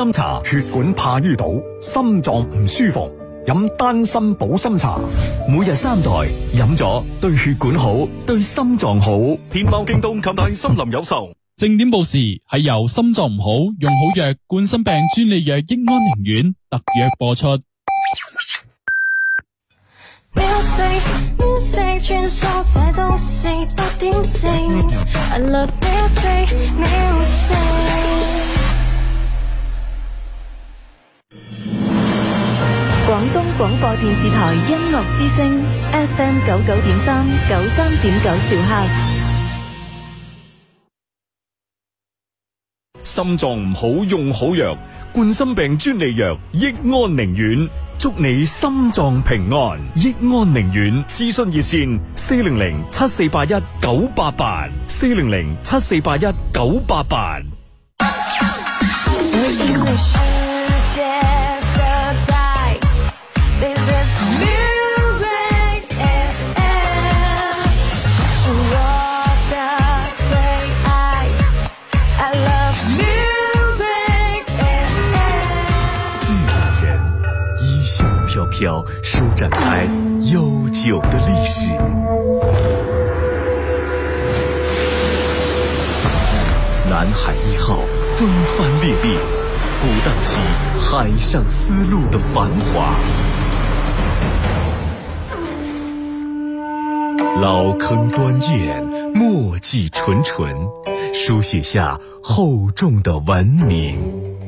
心茶血管怕淤堵，心臟唔舒服，飲丹參保心茶，每日三袋，飲咗對血管好，對心臟好。天貓、京東、近大森林有售。正點報時係由心臟唔好用好藥，冠心病專利藥益安寧丸特約播出。廣東廣播電視台音樂之聲 FM 九九點三九三點九兆赫。心臟唔好用好藥，冠心病專利藥益安寧丸，祝你心臟平安。益安寧丸，諮詢熱線四零零七四八一九八八，四零零七四八一九八八。條舒展開悠久的歷史，南海一號風帆獵獵，鼓蕩起海上絲路的繁華，老坑端硯墨跡純純書寫下厚重的文明。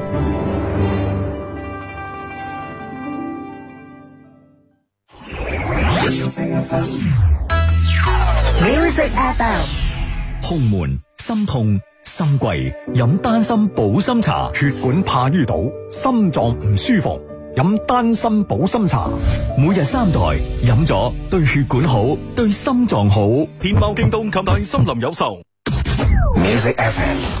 胸悶、心痛、心悸，飲丹參保心茶，血管怕淤堵，心臟唔舒服，飲丹參保心茶，每日三袋，飲咗對血管好，對心臟好。天貓、京東、各大森林有售。Music FM、啊。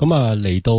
咁啊，嚟到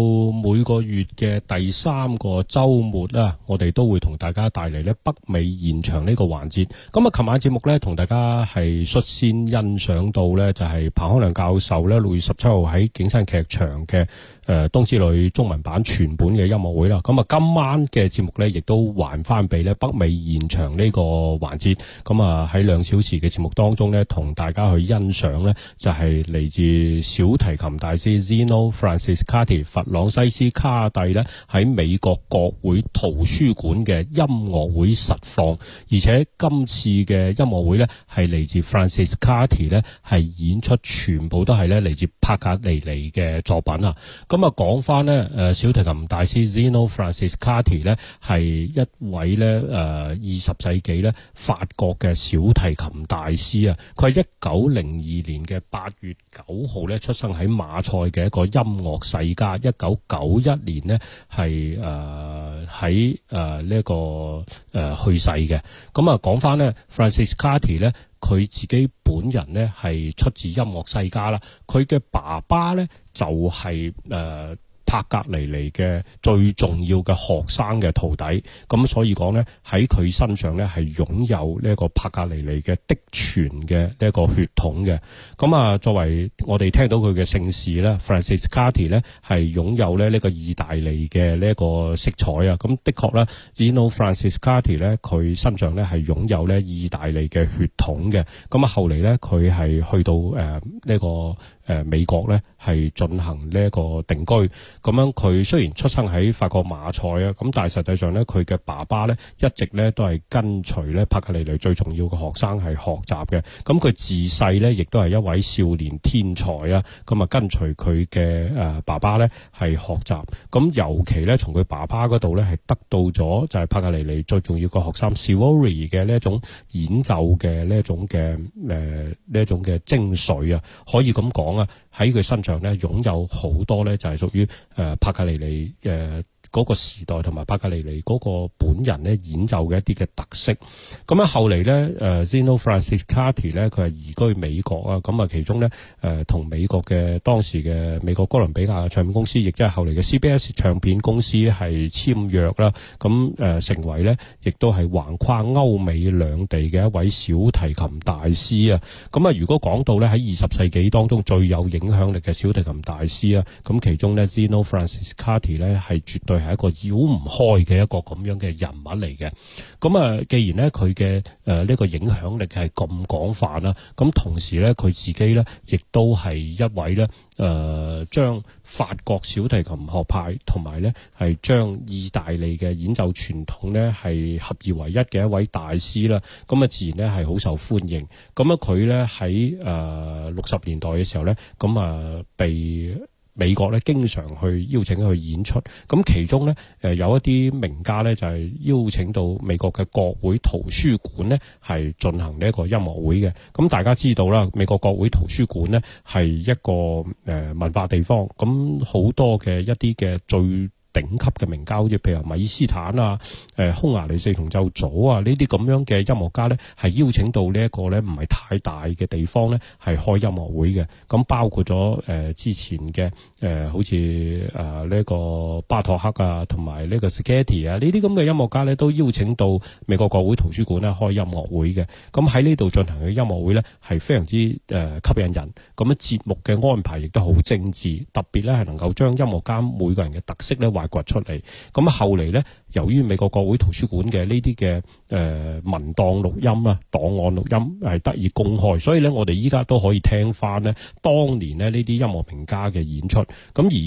每個月嘅第三個周末啦，我哋都會同大家帶嚟咧北美現場呢個環節，咁啊，琴晚節目咧，同大家係率先欣賞到咧，就係彭康亮教授咧六月十七號喺景山劇場嘅誒、呃、《冬之旅》中文版全本嘅音樂會啦。咁啊，今晚嘅節目咧，亦都還翻俾咧北美現場呢個環節，咁啊，喺兩小時嘅節目當中咧，同大家去欣賞咧，就係嚟自小提琴大師 Zino Francescatti 卡蒂佛朗西斯卡蒂咧喺美國國會圖書館嘅音樂會實況，而且今次嘅音樂會咧係嚟自 Francis Carty 咧係演出全部都係咧嚟自帕格尼尼嘅作品啊！咁啊講翻咧誒小提琴大師 Zeno Francis Carty 咧係一位咧誒二十世紀咧法國嘅小提琴大師啊！佢係一九零二年嘅八月九號咧出生喺馬賽嘅一個音樂。世家一九九一年咧係誒喺誒呢一、呃呃這個誒、呃、去世嘅，咁啊講翻咧 Francis Carter 咧佢自己本人咧係出自音樂世家啦，佢嘅爸爸咧就係、是、誒。呃帕格尼尼嘅最重要嘅學生嘅徒弟，咁所以講咧喺佢身上咧係擁有呢一個帕格尼尼嘅嫡傳嘅呢一個血統嘅。咁啊，作為我哋聽到佢嘅姓氏咧，Francescatti 咧係擁有咧呢個意大利嘅呢一個色彩啊。咁的確咧，Zino Francescatti 咧佢身上咧係擁有咧意大利嘅血統嘅。咁啊，後嚟咧佢係去到呢、呃這個。誒、呃、美國咧係進行呢一個定居，咁樣佢雖然出生喺法國馬賽啊，咁但係實際上咧佢嘅爸爸咧一直咧都係跟隨咧帕格尼尼最重要嘅學生係學習嘅，咁佢自細咧亦都係一位少年天才啊，咁、嗯、啊跟隨佢嘅誒爸爸咧係學習，咁、嗯、尤其咧從佢爸爸嗰度咧係得到咗就係帕格尼尼最重要嘅學生 Sivori 嘅呢一種演奏嘅呢一種嘅誒呢一種嘅、呃、精髓啊，可以咁講。喺佢身上咧，擁有好多咧，就係屬於誒帕卡尼尼嘅。嗰個時代同埋帕格尼尼嗰個本人咧演奏嘅一啲嘅特色，咁啊後嚟咧，誒 Zino Francescatti 咧，佢係移居美國啊，咁啊其中咧誒、呃、同美國嘅當時嘅美國哥倫比亞唱片公司，亦即係後嚟嘅 CBS 唱片公司係簽約啦，咁誒、呃、成為咧亦都係橫跨歐美兩地嘅一位小提琴大師啊，咁啊如果講到咧喺二十世紀當中最有影響力嘅小提琴大師啊，咁其中咧 Zino Francescatti 咧係絕對。係一個繞唔開嘅一個咁樣嘅人物嚟嘅，咁啊，既然咧佢嘅誒呢、呃這個影響力係咁廣泛啦，咁同時咧佢自己咧亦都係一位咧誒將法國小提琴學派同埋咧係將意大利嘅演奏傳統咧係合二為一嘅一位大師啦，咁啊自然咧係好受歡迎，咁啊佢咧喺誒六十年代嘅時候咧，咁啊、呃、被美國咧經常去邀請去演出，咁其中呢、呃、有一啲名家呢就係、是、邀請到美國嘅國會圖書館呢係進行呢一個音樂會嘅。咁大家知道啦，美國國會圖書館呢係一個誒、呃、文化地方，咁好多嘅一啲嘅最頂級嘅名家好似譬如米斯坦啊、誒、呃、匈牙利四重奏組啊，這些這呢啲咁樣嘅音樂家咧，係邀請到呢一個咧唔係太大嘅地方咧，係開音樂會嘅。咁包括咗誒、呃、之前嘅誒、呃、好似誒呢個巴托克啊，同埋呢個斯卡蒂啊，這些這樣的呢啲咁嘅音樂家咧，都邀請到美國國會圖書館咧開音樂會嘅。咁喺呢度進行嘅音樂會咧，係非常之誒、呃、吸引人。咁啊節目嘅安排亦都好精致，特別咧係能夠將音樂家每個人嘅特色咧，掘出嚟，咁後嚟呢。由於美國國會圖書館嘅呢啲嘅誒文檔錄音啊、檔案錄音係得以公開，所以咧我哋依家都可以聽翻咧當年咧呢啲音樂名家嘅演出。咁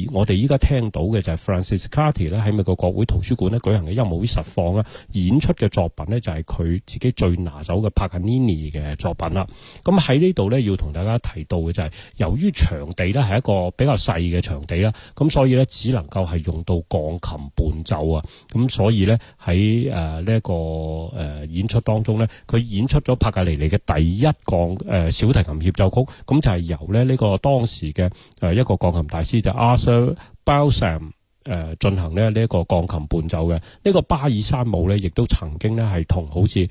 而我哋依家聽到嘅就係 Francescatti 咧喺美國國會圖書館咧舉行嘅音樂會實況啦，演出嘅作品咧就係佢自己最拿手嘅 Paganini 嘅作品啦。咁喺呢度咧要同大家提到嘅就係、是、由於場地咧係一個比較細嘅場地啦，咁所以咧只能夠係用到鋼琴伴奏啊，咁。所以咧喺誒呢一個誒演出當中咧，佢演出咗帕格尼尼嘅第一鋼誒小提琴協奏曲，咁就係、是、由咧呢個當時嘅誒一個鋼琴大師就 Arthur Balsam 誒進行咧呢一個鋼琴伴奏嘅。呢、這個巴爾山姆咧，亦都曾經咧係同好似誒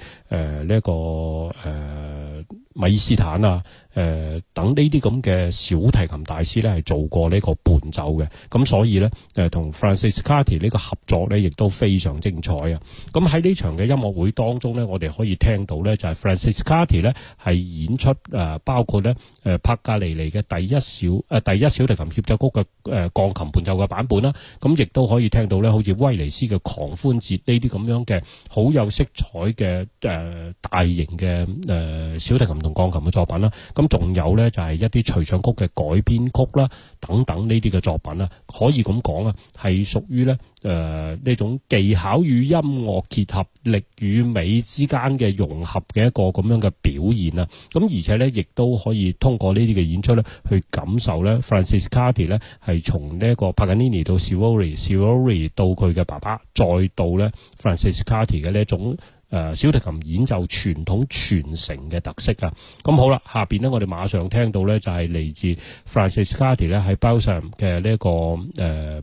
呢一個誒。呃米斯坦啊，誒、呃、等呢啲咁嘅小提琴大師咧係做過呢個伴奏嘅，咁所以咧誒同 Francescatti 呢個合作咧亦都非常精彩啊！咁喺呢場嘅音樂會當中咧，我哋可以聽到咧就係、是、Francescatti 咧係演出誒、呃、包括咧誒、呃、帕加尼尼嘅第一小誒、呃、第一小提琴協奏曲嘅誒、呃、鋼琴伴奏嘅版本啦、啊，咁、嗯、亦都可以聽到咧好似威尼斯嘅狂歡節呢啲咁樣嘅好有色彩嘅誒、呃、大型嘅誒、呃、小提琴，同鋼琴嘅作品啦，咁仲有咧就係一啲隨唱曲嘅改編曲啦，等等呢啲嘅作品啦。可以咁講啊，係屬於咧誒呢種技巧與音樂結合，力與美之間嘅融合嘅一個咁樣嘅表現啊。咁而且咧，亦都可以通過呢啲嘅演出咧，去感受咧 f r a n c i s c a r t 蒂咧係從呢一個 Pacini 到 s i l o r i s i l o r i 到佢嘅爸爸，再到咧 f r a n c i s c a r t 蒂嘅呢一種。誒、呃、小提琴演奏傳統傳承嘅特色啊。咁、嗯、好啦，下邊呢，我哋馬上聽到呢，就係、是、嚟自 Francescatti 咧，喺包上嘅呢一個誒呢、呃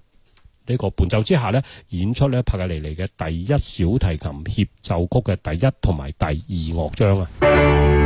這個伴奏之下呢，演出呢帕格尼尼嘅第一小提琴協奏曲嘅第一同埋第二樂章啊！嗯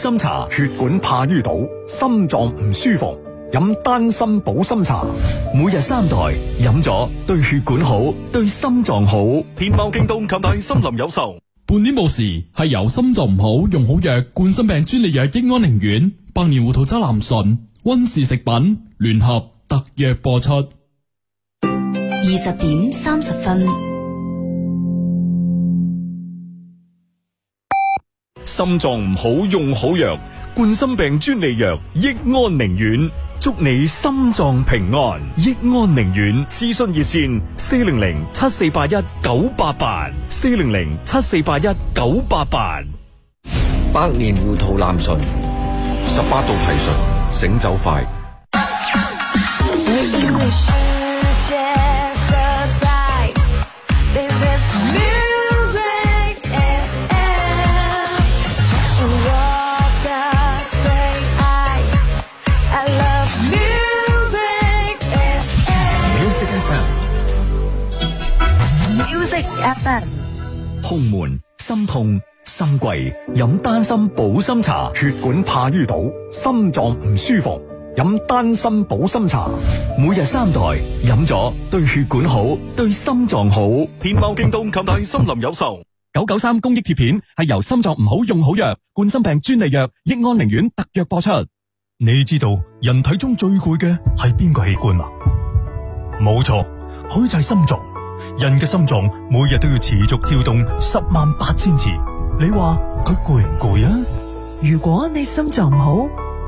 心茶血管怕淤堵，心臟唔舒服，飲丹心保心茶，每日三袋，飲咗對血管好，對心臟好。天貓、京東及大森林有售。 半年報時係由心臟唔好用好藥，冠心病專利藥益安寧丸，百年胡桃渣男醇，溫氏食品聯合特約播出，二十點三十分。心臟唔好用好藥，冠心病專利藥益安寧丸，祝你心臟平安。益安寧丸，諮詢熱線：四零零七四八一九八八，四零零七四八一九八八。88, 百年糊塗藍醇，十八度提神，醒酒快。 胸悶、心痛、心悸，飲丹參保心茶，血管怕淤堵，心臟唔舒服，飲丹參保心茶，每日三袋，飲咗對血管好，對心臟好。天貓京東及大森林有售，九九三公益貼片係由心臟唔好用好藥，冠心病專利藥益安寧丸特約播出。你知道人體中最攰嘅係邊個器官嗎？冇錯，佢就係心臟。人嘅心臟每日都要持續跳動十萬八千次，你話佢攰唔攰啊？累累如果你心臟唔好，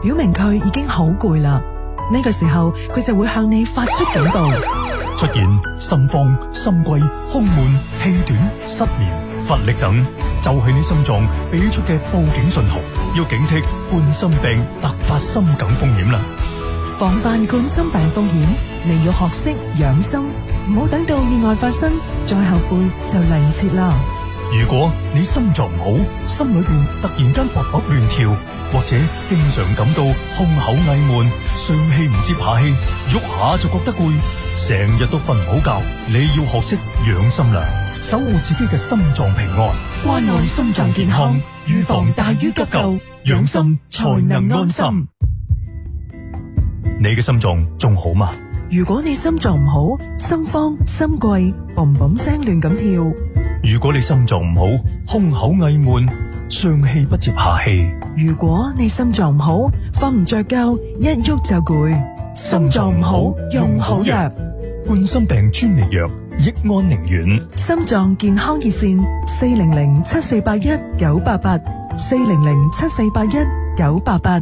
表明佢已經好攰啦。呢、這個時候佢就會向你發出警告，出現心慌、心悸、胸悶、氣短、失眠、乏力等，就係、是、你心臟俾出嘅報警信號，要警惕冠心病突發心梗風險啦。防範冠心病風險，你要學識養心，唔好等到意外發生再後悔就嚟唔切啦。如果你心臟唔好，心裏邊突然間撲撲亂跳，或者經常感到胸口翳悶、上氣唔接下氣，喐下就覺得攰，成日都瞓唔好覺，你要學識養心啦，守護自己嘅心臟平安。關愛心臟健康，預防大於急救，養心才能安心。你嘅心臟仲好嗎？如果你心臟唔好，心慌心悸，嘣嘣聲亂咁跳；如果你心臟唔好，胸口翳悶，上氣不接下氣；如果你心臟唔好，瞓唔着覺，一喐就攰。心臟唔好用好藥，冠心病專利藥益安寧丸。心臟健康熱線：四零零七四八一九八八，四零零七四八一九八八。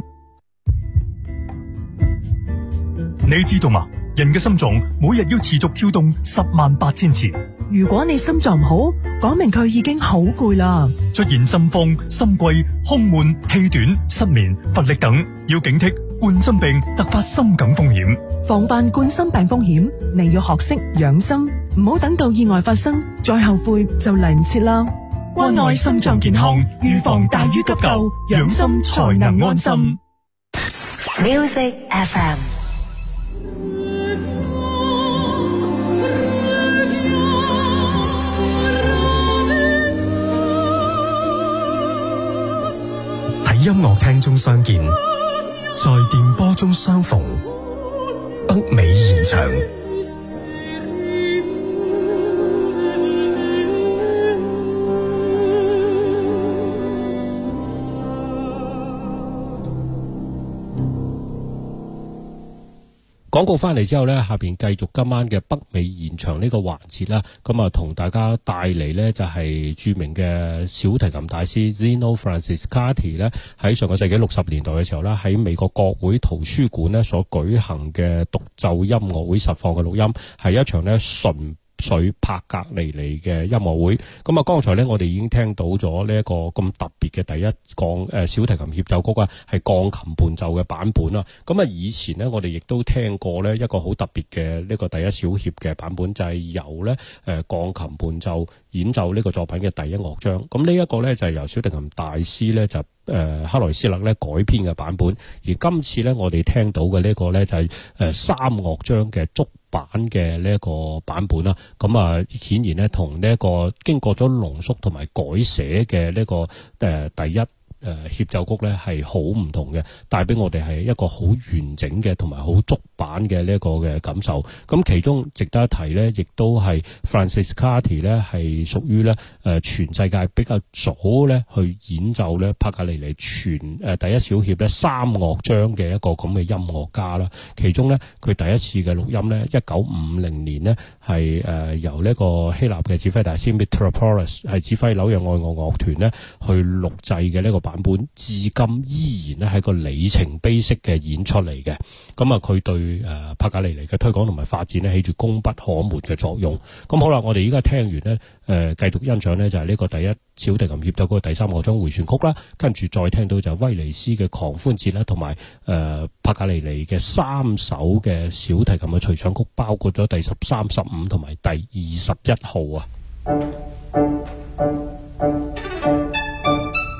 你知道嗎？人嘅心臟每日要持續跳動十萬八千次。如果你心臟唔好，講明佢已經好攰啦。出現心慌、心悸、胸悶、氣短、失眠、乏力等，要警惕冠心病突發心梗風險。防範冠心病風險，你要學識養心，唔好等到意外發生再後悔就嚟唔切啦。關愛心臟健康，預防大於急救，養心才能安心。Music FM。音樂廳中相見，在電波中相逢，北美現場。廣告翻嚟之後呢，下面繼續今晚嘅北美現場呢個環節啦。咁啊，同大家帶嚟呢就係著名嘅小提琴大師 Zino Francescatti 呢喺上個世紀六十年代嘅時候呢喺美國國會圖書館呢所舉行嘅獨奏音樂會實況嘅錄音，係一場呢純。水拍格尼尼嘅音樂會，咁啊，剛才呢，我哋已經聽到咗呢一個咁特別嘅第一鋼誒小提琴協奏曲啊，係鋼琴伴奏嘅版本啦。咁啊，以前呢，我哋亦都聽過呢一個好特別嘅呢個第一小協嘅版本，就係、是、由呢誒鋼琴伴奏。演奏呢個作品嘅第一樂章，咁呢一個咧就係由小提琴大師咧就誒、呃、克萊斯勒咧改編嘅版本，而今次咧我哋聽到嘅呢一個咧就係、是嗯、三樂章嘅足版嘅呢一個版本啦，咁啊顯然咧同呢一個經過咗濃縮同埋改寫嘅呢、這個誒、呃、第一。誒協、呃、奏曲咧係好唔同嘅。帶俾我哋係一個好完整嘅同埋好足版嘅呢一個嘅感受。咁其中值得一提咧，亦都係 Francescatti 咧係屬於咧誒、呃、全世界比較早咧去演奏咧帕格尼尼全誒、呃、第一小協咧三樂章嘅一個咁嘅音樂家啦。其中咧佢第一次嘅錄音咧，一九五零年咧係誒由呢個希臘嘅指揮大師 Mitropoulos 係指揮紐約愛樂樂、樂團咧去錄製嘅呢個版。版本至今依然咧係個里程碑式嘅演出嚟嘅，咁啊佢對誒帕格尼尼嘅推廣同埋發展咧起住功不可沒嘅作用。咁好啦，我哋依家聽完呢，誒、呃、繼續欣賞呢就係呢個第一小提琴協奏嗰個第三樂章回旋曲啦，跟住再聽到就係威尼斯嘅狂歡節啦，同埋誒帕格尼尼嘅三首嘅小提琴嘅隨想曲，包括咗第十三、十五同埋第二十一號啊。嗯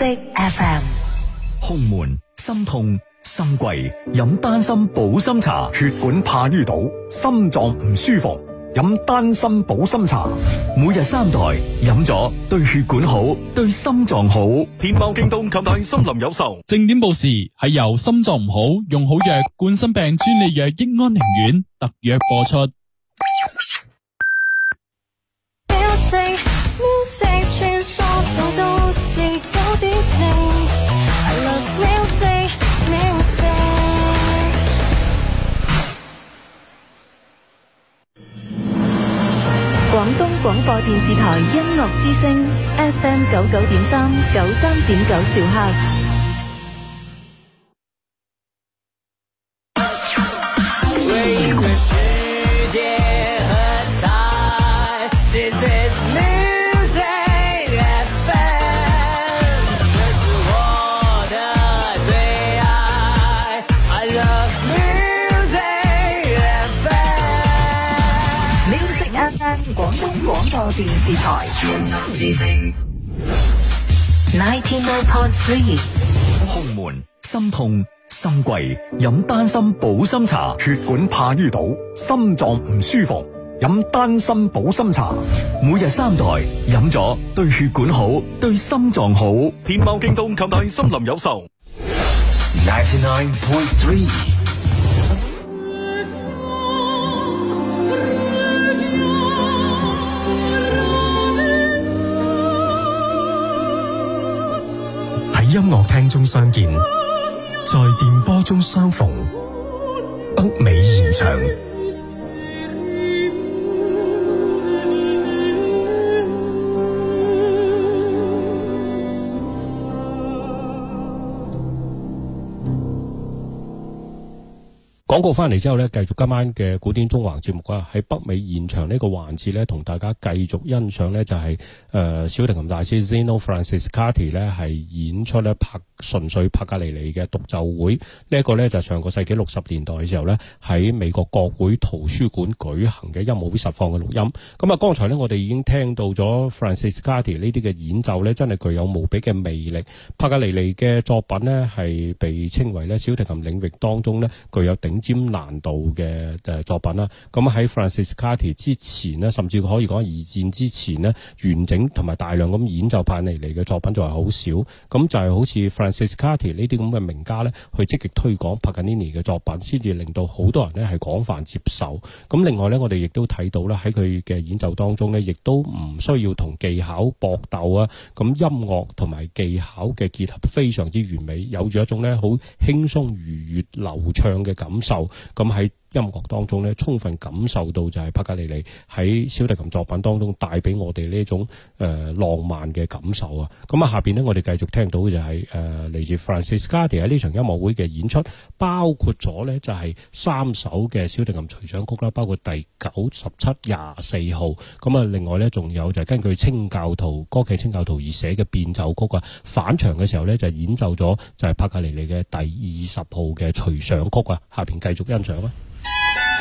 空 FM，胸悶、心痛、心悸，飲丹參保心茶，血管怕淤堵，心臟唔舒服，飲丹參保心茶，每日三袋，飲咗對血管好，對心臟好。天貓京東各大森林有售。正點報時係由心臟唔好用好藥冠心病專利藥益安寧丸特約播出。九九點三九三點九兆赫。胸、嗯哦、悶心痛，心悸，飲丹參保心茶，血管怕淤堵，心臟唔舒服，飲丹參保心茶，每日三袋，飲咗對血管好，對心臟好。天貓京東及大森林有售。99.3音樂廳中相見，在電波中相逢，北美現場。廣告翻嚟之後咧，繼續今晚嘅古典中華節目啊，喺北美現場個呢個環節咧，同大家繼續欣賞咧，就係、是、誒、呃、小提琴大師 Zino Francescatti 咧係演出咧拍。純粹帕格尼尼嘅獨奏會，呢、這、一個呢，就係上個世紀六十年代嘅時候呢，喺美國國會圖書館舉行嘅音樂會實況嘅錄音。咁啊，剛才呢，我哋已經聽到咗 Francescatti 呢啲嘅演奏呢，真係具有無比嘅魅力。帕格尼尼嘅作品呢，係被稱為呢，小提琴領域當中呢，具有頂尖難度嘅誒作品啦。咁喺 Francescatti 之前呢，甚至可以講二戰之前呢，完整同埋大量咁演奏帕尼尼嘅作品就係好少。咁就係、是、好似 c e c a t y 呢啲咁嘅名家咧，去積極推廣 Paganini 嘅作品，先至令到好多人咧係廣泛接受。咁另外咧，我哋亦都睇到咧喺佢嘅演奏當中咧，亦都唔需要同技巧搏鬥啊。咁音樂同埋技巧嘅結合非常之完美，有住一種咧好輕鬆、愉悅、流暢嘅感受。咁喺音樂當中咧，充分感受到就係帕格尼尼喺小提琴作品當中帶俾我哋呢種、呃、浪漫嘅感受啊。咁、嗯、啊，下面呢，我哋繼續聽到就係誒嚟自 Francisca r 喺呢場音樂會嘅演出，包括咗呢就係、是、三首嘅小提琴隨想曲啦、啊，包括第九十七廿四號。咁、嗯、啊，另外呢，仲有就係根據清教徒歌劇《清教徒》而寫嘅變奏曲啊。返場嘅時候呢，就演奏咗就係帕格尼尼嘅第二十號嘅隨想曲啊。下面繼續欣賞啊。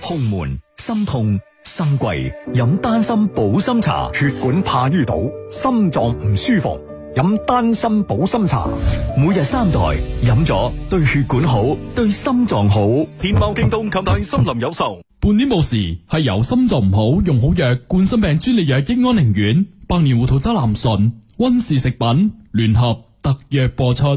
胸悶、心痛、心悸，飲丹參保心茶。血管怕淤堵，心臟唔舒服，飲丹參保心茶，每日三袋，飲咗對血管好，對心臟好。天貓、京東、各大森林有售。半年冇事係由心臟唔好，用好藥冠心病專利藥益安寧丸，百年胡桃渣南順温氏食品聯合特約播出。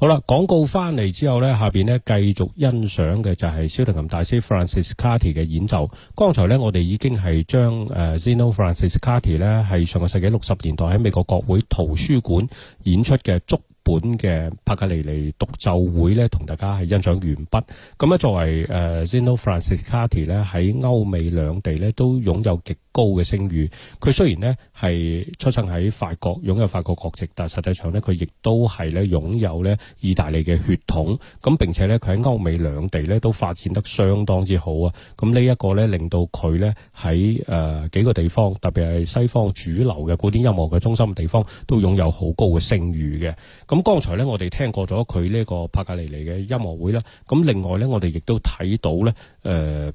好啦，廣告翻嚟之後咧，下面咧繼續欣賞嘅就係小提琴大師 Francis Carty 嘅演奏。剛才咧，我哋已經係將、呃、Zino Francis Carty 呢，咧係上個世紀六十年代喺美國國會圖書館演出嘅竹本嘅帕格尼尼獨奏會咧，同大家係欣賞完畢，咁咧，作為誒 Zino Francescatti 咧，喺歐美兩地咧都擁有極高嘅聲譽，佢雖然咧係出生喺法國擁有法國國籍，但實際上咧佢亦都係咧擁有咧意大利嘅血統，咁並且咧，佢喺歐美兩地咧都發展得相當之好啊。咁、這個、呢一個咧，令到佢咧喺誒幾個地方，特別係西方主流嘅古典音樂嘅中心地方，都擁有好高嘅聲譽嘅。咁咁剛才咧，我哋聽過咗佢呢個帕格尼尼嘅音樂會啦。咁另外咧，我哋亦都睇到咧，誒。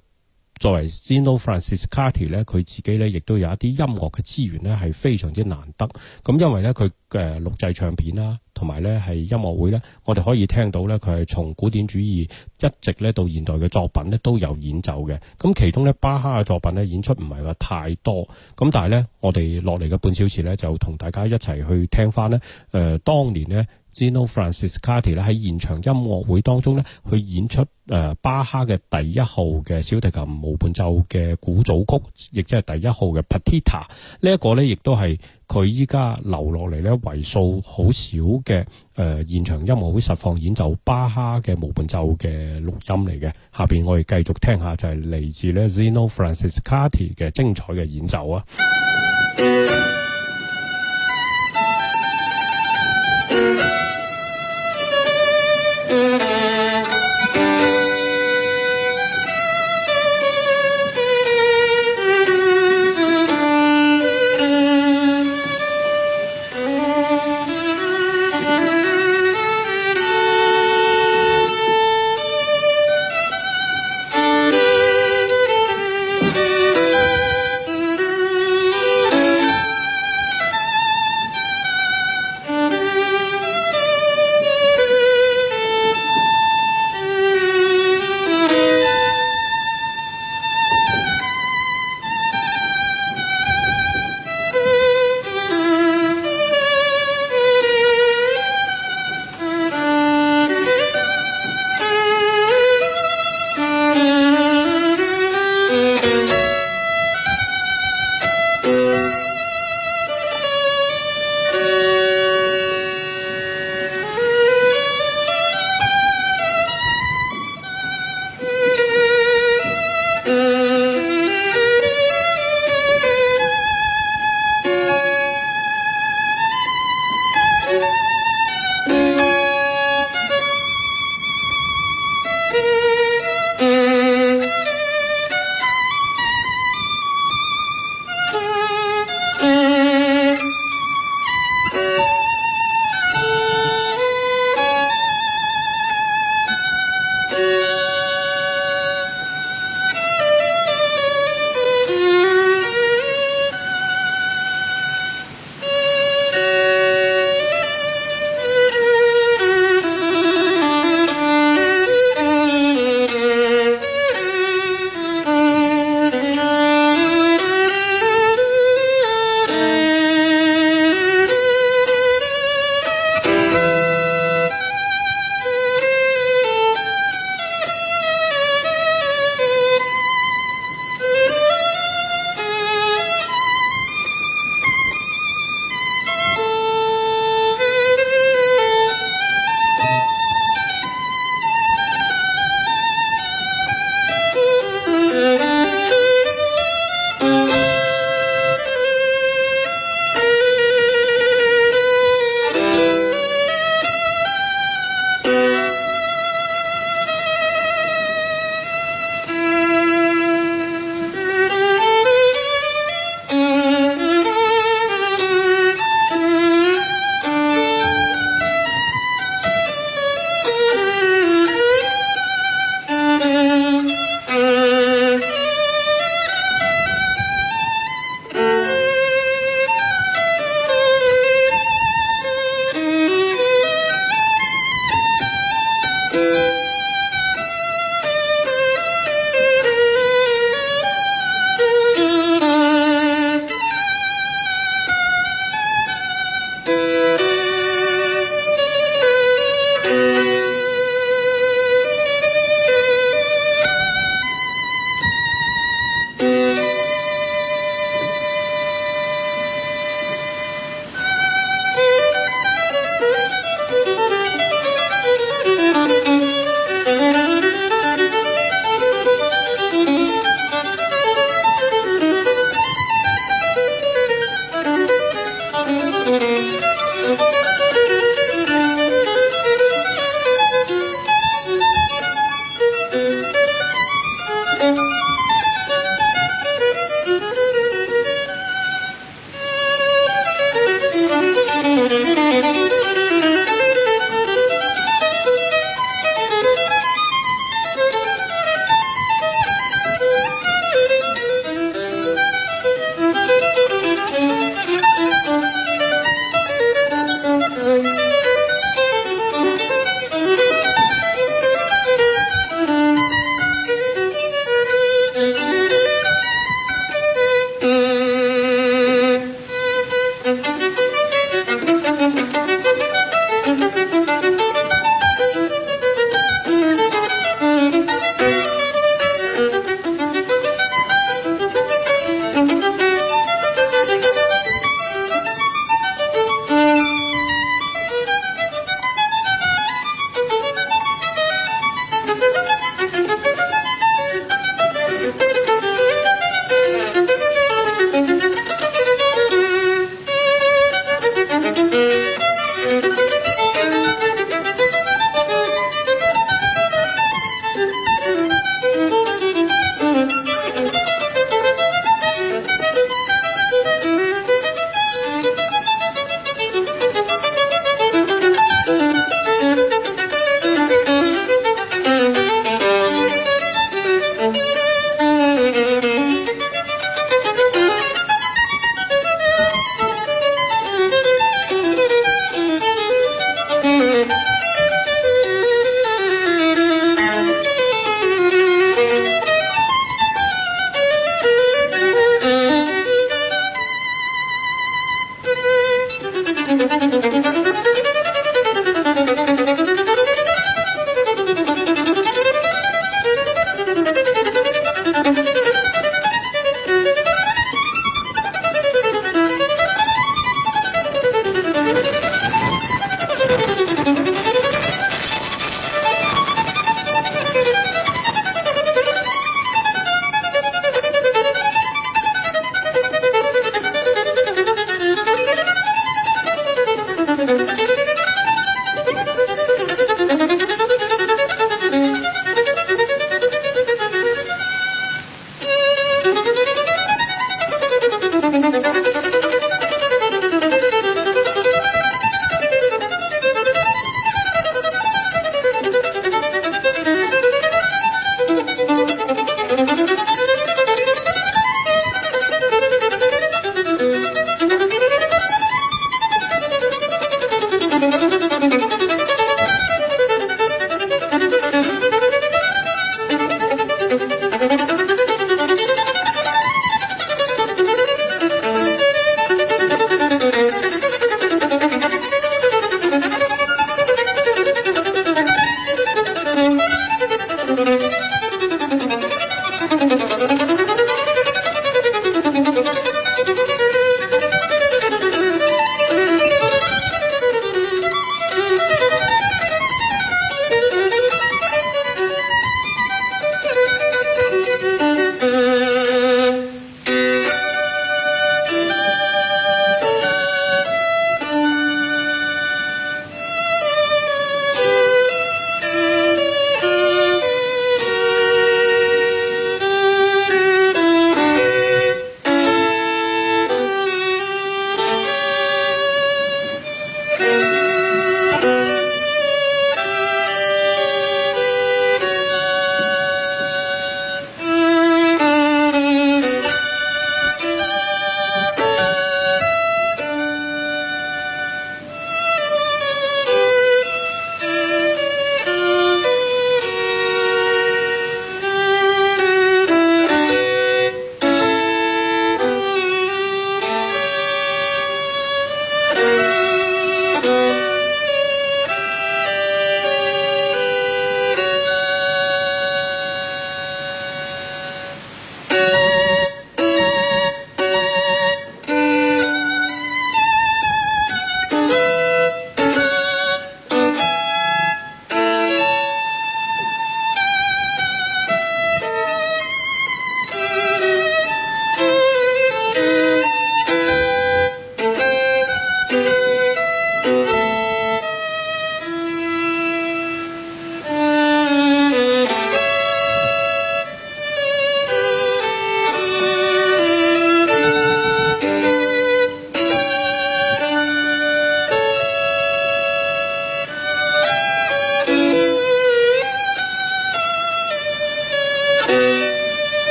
作為 Zino Francescatti 咧，佢自己咧亦都有一啲音樂嘅資源咧，係非常之難得。咁因為咧，佢嘅錄製唱片啦，同埋咧係音樂會咧，我哋可以聽到咧，佢係從古典主義一直咧到現代嘅作品咧都有演奏嘅。咁其中咧巴哈嘅作品咧演出唔係話太多。咁但係咧，我哋落嚟嘅半小時咧就同大家一齊去聽翻咧誒當年咧。Zino Francescatti 咧喺現場音樂會當中咧，去演出誒巴哈嘅第一號嘅小提琴無伴奏嘅組曲，亦即係第一號嘅 Partita，也是他現在流呢一個咧，亦都係佢依家留落嚟咧，為數好少嘅誒現場音樂會實況演奏巴哈嘅無伴奏嘅錄音嚟嘅。下邊我哋繼續聽一下就係、是、嚟自咧 Zino Francescatti 嘅精彩嘅演奏啊！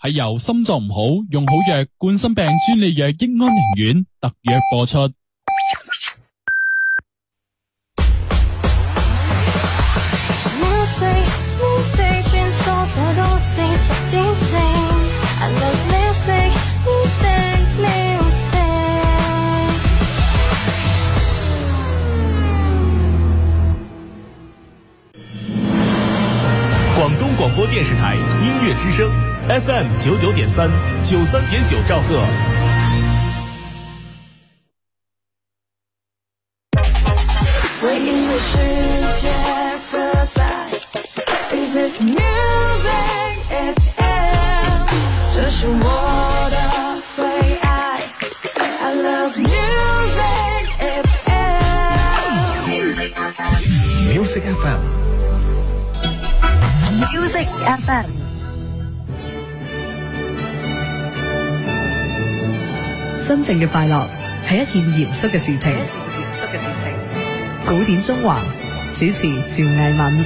係由心臟唔好、用好藥，冠心病專利藥益安寧丸特約播出。廣東廣播電視台音樂之聲。FM 九九點三，九三點九兆赫。件嚴肅嘅事情，嚴肅嘅事情。古典中環主持趙藝敏，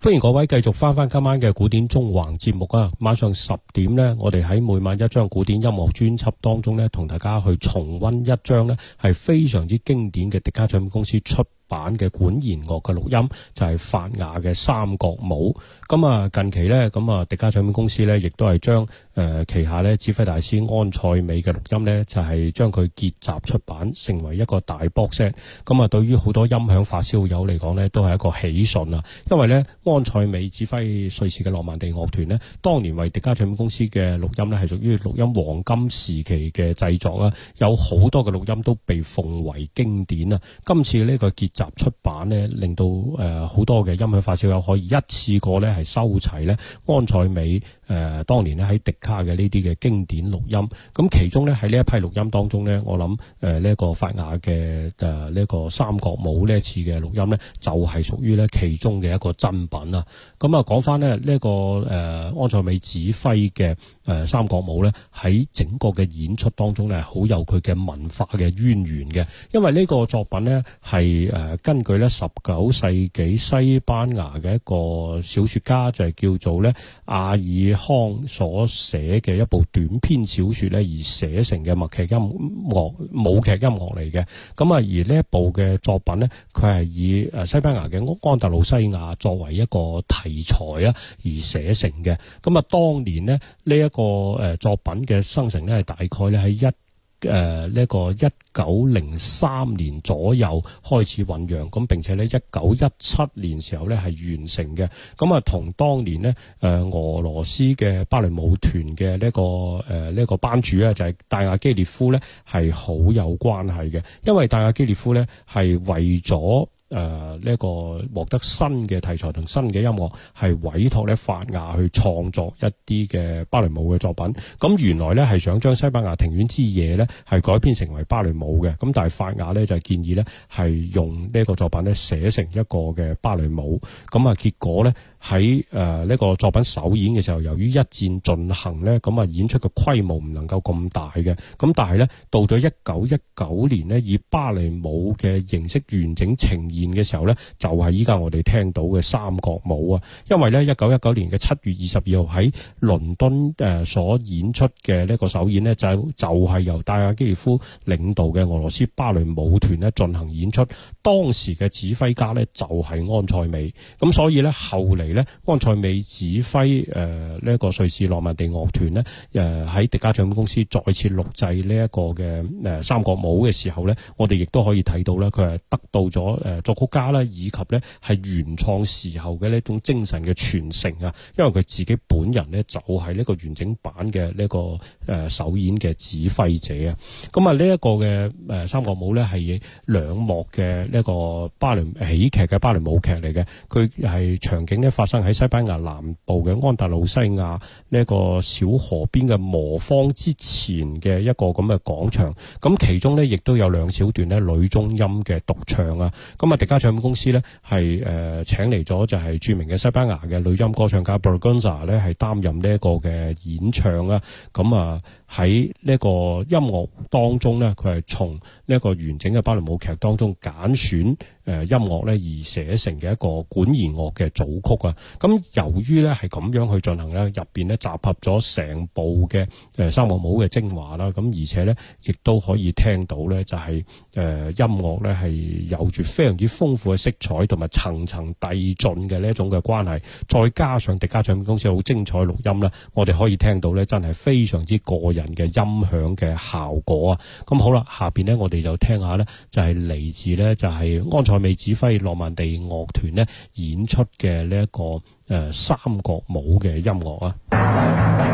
歡迎各位繼續翻翻今晚嘅古典中環節目啊！晚上十點呢，我哋喺每晚一張古典音樂專輯當中呢，同大家去重溫一張呢係非常之經典嘅迪卡唱片公司出。版嘅管弦樂嘅錄音就係法雅嘅三角帽。咁啊，近期、呃、呢，咁啊，迪加唱片公司呢亦都係將誒旗下咧指揮大師安塞美嘅錄音呢，就係將佢結集出版，成為一個大 boxset 咁啊，對於好多音響發燒友嚟講呢，都係一個喜訊啊！因為呢，安塞美指揮瑞士嘅羅曼地樂團呢，當年為迪加唱片公司嘅錄音呢，係屬於錄音黃金時期嘅製作啦，有好多嘅錄音都被奉為經典啊！今次呢個結集出版呢，令到誒好、呃、多嘅音響發燒友可以一次過呢。係～收齊咧，安塞美誒、呃，當年咧喺迪卡嘅呢啲嘅經典錄音，咁其中咧喺呢一批錄音當中咧，我諗誒呢一個法雅嘅誒呢個三角帽呢一次嘅錄音咧，就係、是、屬於咧其中嘅一個真品啦。咁、嗯、啊，講翻咧呢一、這個誒、呃、安塞美指揮嘅。誒、呃、三角帽咧，喺整個嘅演出當中咧，好有佢嘅文化嘅淵源嘅。因為呢個作品咧，係誒、呃、根據咧十九世紀西班牙嘅一個小説家，就係、是、叫做咧亞爾康所寫嘅一部短篇小説咧而寫成嘅默劇音樂、舞劇音樂嚟嘅。咁啊，而呢一部嘅作品咧，佢係以誒西班牙嘅安達魯西亞作為一個題材啊而寫成嘅。咁啊，當年咧呢一、這個個誒作品嘅生成咧係大概咧喺一誒呢個一九零三年左右開始醞釀，咁並且咧一九一七年時候咧係完成嘅。咁啊，同當年咧誒俄羅斯嘅芭蕾舞團嘅呢個誒呢個班主啊，就係戴亞基列夫咧係好有關係嘅，因為戴亞基列夫咧係為咗。誒，呢一、呃，這個獲得新嘅題材同新嘅音樂，係委託咧法雅去創作一啲嘅芭蕾舞嘅作品。咁原來咧係想將西班牙庭院之夜咧係改編成為芭蕾舞嘅。咁但係法雅咧就建議咧係用呢一個作品咧寫成一個嘅芭蕾舞。咁啊，結果咧。喺誒呢個作品首演嘅時候，由於一戰進行呢，咁、呃、啊演出嘅規模唔能夠咁大嘅，咁但係呢，到咗一九一九年呢，以芭蕾舞嘅形式完整呈現嘅時候呢，就係依家我哋聽到嘅三角舞啊，因為呢，一九一九年嘅七月二十二號喺倫敦誒、呃、所演出嘅呢個首演呢，就是、就係、是、由戴亞基爾夫領導嘅俄羅斯芭蕾舞團呢進行演出，當時嘅指揮家呢，就係、是、安塞美，咁所以呢，後嚟。咧，安塞美指揮誒呢一個瑞士浪漫地樂團咧，誒、呃、喺迪加唱片公司再次錄製呢一個嘅誒、呃、三角舞嘅時候咧，我哋亦都可以睇到咧，佢係得到咗誒、呃、作曲家啦以及咧係原創時候嘅呢一種精神嘅傳承啊，因為佢自己本人咧就係、是、呢個完整版嘅呢、這個誒、呃、首演嘅指揮者啊。咁啊呢一個嘅誒、呃、三角舞咧係兩幕嘅呢個芭蕾喜劇嘅芭蕾舞劇嚟嘅，佢係場景咧發生喺西班牙南部嘅安達魯西亞呢個小河邊嘅磨坊之前嘅一個咁嘅廣場，咁其中呢，亦都有兩小段女中音嘅獨唱啊，咁啊迪加唱片公司呢，係誒、呃、請嚟咗就係著名嘅西班牙嘅女音歌唱家 Berganza 呢係擔任呢一個嘅演唱啊。咁啊喺呢個音樂當中呢，佢係從呢一個完整嘅芭蕾舞劇當中揀選。誒、呃、音樂咧而寫成嘅一個管弦樂嘅組曲啊，咁由於咧係咁樣去進行咧，入面咧集合咗成部嘅誒、呃、三個舞嘅精華啦，咁、啊、而且咧亦都可以聽到咧，就係、是、誒、呃、音樂咧係有住非常之豐富嘅色彩同埋層層遞進嘅呢一種嘅關係，再加上迪卡唱片公司好精彩錄音啦，我哋可以聽到咧真係非常之個人嘅音響嘅效果啊！咁、啊、好啦，下面咧我哋就聽下咧，就係、是、嚟自咧就係、是、安在美指揮諾曼地樂團呢演出嘅呢一個誒、呃、三國舞嘅音樂啊！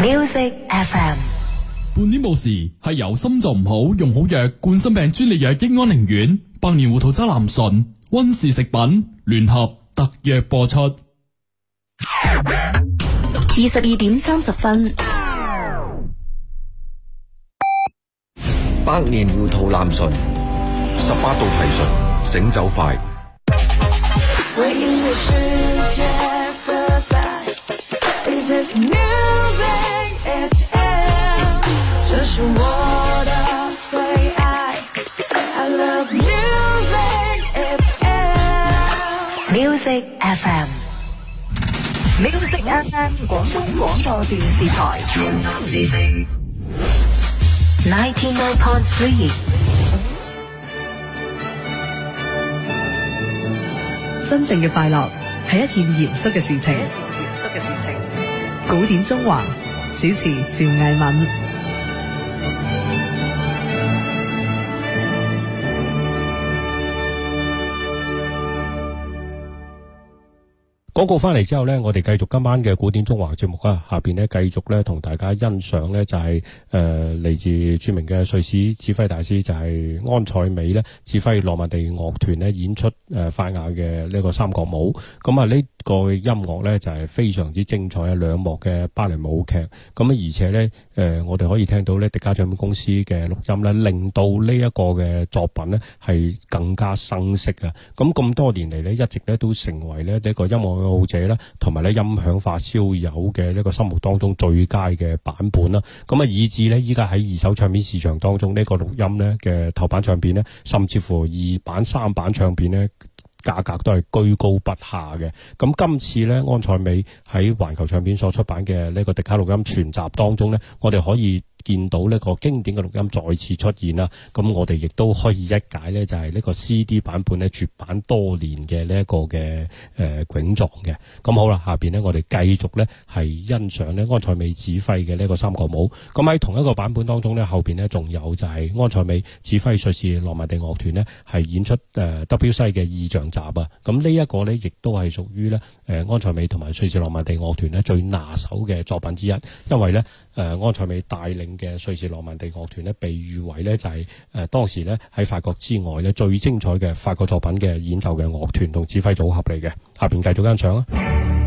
Music FM，半年冇事係由心就唔好用好藥，冠心病專利藥益安寧丸，百年糊塗藍樽，溫氏食品聯合特約播出。二十二點三十分，百年糊塗藍樽，十八度提順醒酒快。FM，這是我的最愛。I love music FM，music FM，廣東廣播電視台，九三之聲，ninety nine point three。真正嘅快樂係一件嚴肅嘅事情，一件嚴肅嘅事情。古典中華。主持：趙藝敏。廣告翻嚟之後呢，我哋繼續今晚嘅古典中華節目啊！下邊呢，繼續咧同大家欣賞呢，就係誒嚟自著名嘅瑞士指揮大師就係安塞美呢指揮羅曼地樂團呢演出誒法、呃、雅嘅呢個三角舞。咁、嗯、啊呢、這個音樂呢，就係、是、非常之精彩嘅兩幕嘅芭蕾舞劇。咁、嗯、啊而且呢，誒、呃、我哋可以聽到呢迪加唱片公司嘅錄音呢，令到呢一個嘅作品呢，係更加生色啊！咁、嗯、咁多年嚟呢，一直呢都成為呢呢、這個音樂。好者啦，同埋咧音響發燒友嘅呢個心目當中最佳嘅版本啦，咁啊以至咧依家喺二手唱片市場當中，呢個錄音咧嘅頭版唱片咧，甚至乎二版三版唱片咧，價格都係居高不下嘅。咁今次咧，安塞美喺環球唱片所出版嘅呢個迪卡錄音全集當中咧，我哋可以。見到呢個經典嘅錄音再次出現啦，咁我哋亦都可以一解咧，就係呢個 CD 版本咧絕版多年嘅呢一個嘅誒囧狀嘅。咁、呃、好啦，下邊咧我哋繼續咧係欣賞咧安塞美指揮嘅呢個三角舞。咁喺同一個版本當中咧，後邊咧仲有就係安塞美指揮瑞士浪漫地樂團咧係演出誒、呃、德彪西嘅《意象集》啊。咁呢一個咧亦都係屬於咧誒安塞美同埋瑞士浪漫地樂團咧最拿手嘅作品之一，因為咧誒、呃、安塞美帶領。嘅瑞士羅曼地樂團被譽為就係誒當時咧喺法國之外最精彩嘅法國作品嘅演奏嘅樂團同指揮組合嚟嘅，下邊繼續間唱。